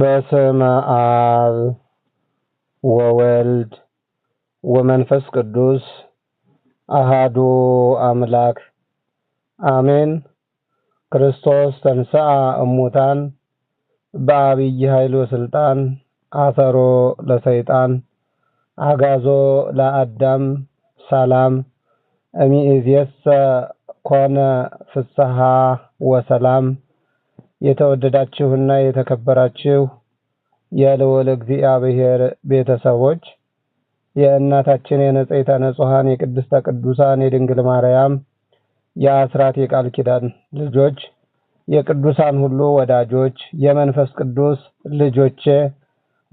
በስመ አብ ወወልድ ወመንፈስ ቅዱስ አሃዱ አምላክ አሜን። ክርስቶስ ተንሥአ እሙታን በአብይ ኃይል ወስልጣን አሰሮ ለሰይጣን አጋዞ ለአዳም ሰላም እሚእዜሰ ኮነ ፍስሐ ወሰላም የተወደዳችሁና የተከበራችሁ የልዑል እግዚአብሔር ቤተሰቦች የእናታችን የንጽሕተ ንጹሐን የቅድስተ ቅዱሳን የድንግል ማርያም የአስራት የቃል ኪዳን ልጆች የቅዱሳን ሁሉ ወዳጆች የመንፈስ ቅዱስ ልጆቼ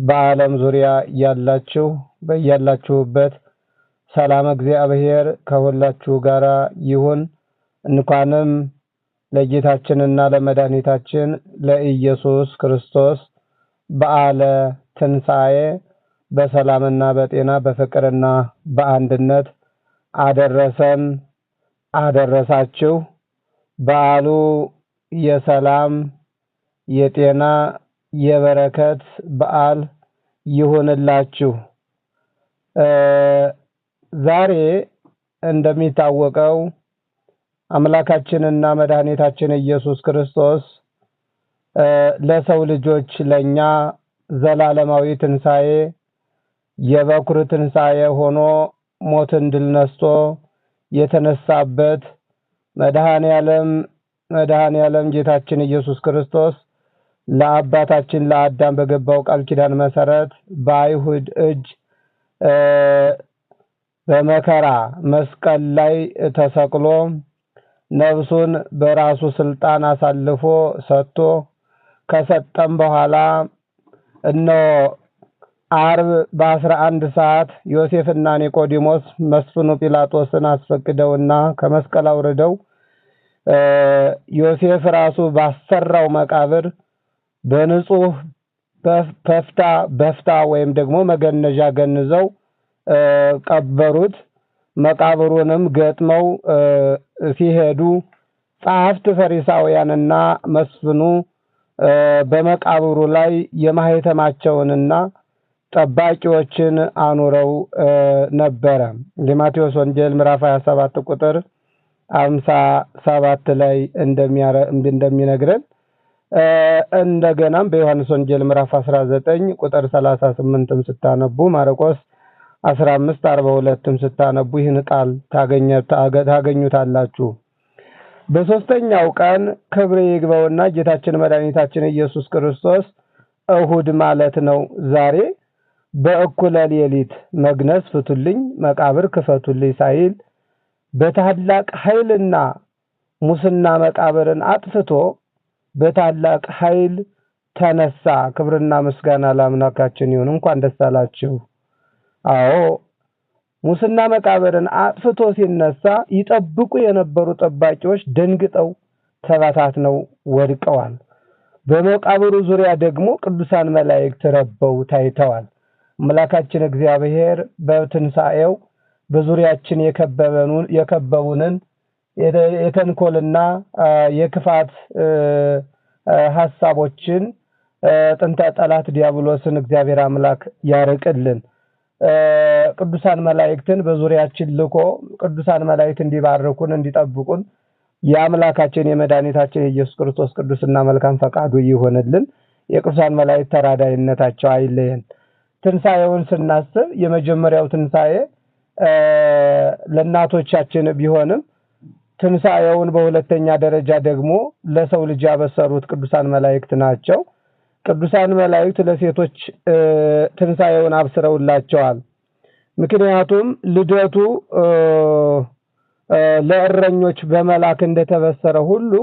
በዓለም ዙሪያ ያላችሁ በያላችሁበት ሰላም እግዚአብሔር ከሁላችሁ ጋር ይሁን። እንኳንም ለጌታችንና ለመድኃኒታችን ለኢየሱስ ክርስቶስ በዓለ ትንሣኤ በሰላምና በጤና በፍቅርና በአንድነት አደረሰን አደረሳችሁ። በዓሉ የሰላም የጤና የበረከት በዓል ይሁንላችሁ። ዛሬ እንደሚታወቀው አምላካችንና መድኃኒታችን ኢየሱስ ክርስቶስ ለሰው ልጆች ለኛ ዘላለማዊ ትንሣኤ የበኩር ትንሣኤ ሆኖ ሞትን ድል ነስቶ የተነሳበት መድኃኔ ዓለም መድኃኔ ዓለም ጌታችን ኢየሱስ ክርስቶስ ለአባታችን ለአዳም በገባው ቃል ኪዳን መሰረት በአይሁድ እጅ በመከራ መስቀል ላይ ተሰቅሎ ነፍሱን በራሱ ስልጣን አሳልፎ ሰጥቶ ከሰጠም በኋላ እነሆ አርብ በአስራ አንድ ሰዓት ዮሴፍና ኒቆዲሞስ መስፍኑ ጲላጦስን አስፈቅደውና ከመስቀል አውርደው ዮሴፍ ራሱ ባሰራው መቃብር በንጹህ በፍታ በፍታ ወይም ደግሞ መገነዣ ገንዘው ቀበሩት። መቃብሩንም ገጥመው ሲሄዱ ጸሐፍት ፈሪሳውያንና መስፍኑ በመቃብሩ ላይ የማህተማቸውንና ጠባቂዎችን አኑረው ነበረ። የማቴዎስ ወንጌል ምዕራፍ 27 ቁጥር 57 ላይ እንደሚነግረን እንደገናም በዮሐንስ ወንጌል ምዕራፍ 19 ቁጥር 38ም ስታነቡ ማርቆስ አስራ አምስት አርባ ሁለትም ስታነቡ ይህን ቃል ታገኙታላችሁ። በሶስተኛው ቀን ክብር ይግባውና ጌታችን መድኃኒታችን ኢየሱስ ክርስቶስ እሁድ ማለት ነው። ዛሬ በእኩለ ሌሊት መግነዝ ፍቱልኝ፣ መቃብር ክፈቱልኝ ሳይል በታላቅ ኃይልና ሙስና መቃብርን አጥፍቶ በታላቅ ኃይል ተነሳ። ክብርና ምስጋና ለአምላካችን ይሁን። እንኳን ደስ አላችሁ። አዎ ሙስና መቃብርን አጥፍቶ ሲነሳ ይጠብቁ የነበሩ ጠባቂዎች ደንግጠው ተበታትነው ወድቀዋል። በመቃብሩ ዙሪያ ደግሞ ቅዱሳን መላእክት ረበው ታይተዋል። አምላካችን እግዚአብሔር በትንሣኤው በዙሪያችን የከበቡንን የተንኮልና የክፋት ሀሳቦችን ጥንተ ጠላት ዲያብሎስን እግዚአብሔር አምላክ ያርቅልን። ቅዱሳን መላእክትን በዙሪያችን ልኮ ቅዱሳን መላእክት እንዲባርኩን እንዲጠብቁን የአምላካችን የመድኃኒታችን የኢየሱስ ክርስቶስ ቅዱስና መልካም ፈቃዱ ይሆንልን። የቅዱሳን መላእክት ተራዳይነታቸው አይለየን። ትንሣኤውን ስናስብ የመጀመሪያው ትንሣኤ ለእናቶቻችን ቢሆንም ትንሣኤውን በሁለተኛ ደረጃ ደግሞ ለሰው ልጅ ያበሰሩት ቅዱሳን መላእክት ናቸው። ቅዱሳን መላእክት ለሴቶች ትንሣኤውን አብስረውላቸዋል። ምክንያቱም ልደቱ ለእረኞች በመላክ እንደተበሰረ ሁሉ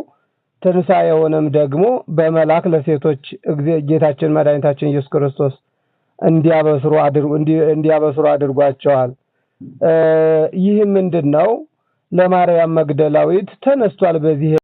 ትንሣኤውንም ደግሞ በመላክ ለሴቶች ጌታችን መድኃኒታችን ኢየሱስ ክርስቶስ እንዲያበስሩ አድርጓቸዋል። ይህ ምንድን ነው? ለማርያም መግደላዊት ተነስቷል በዚህ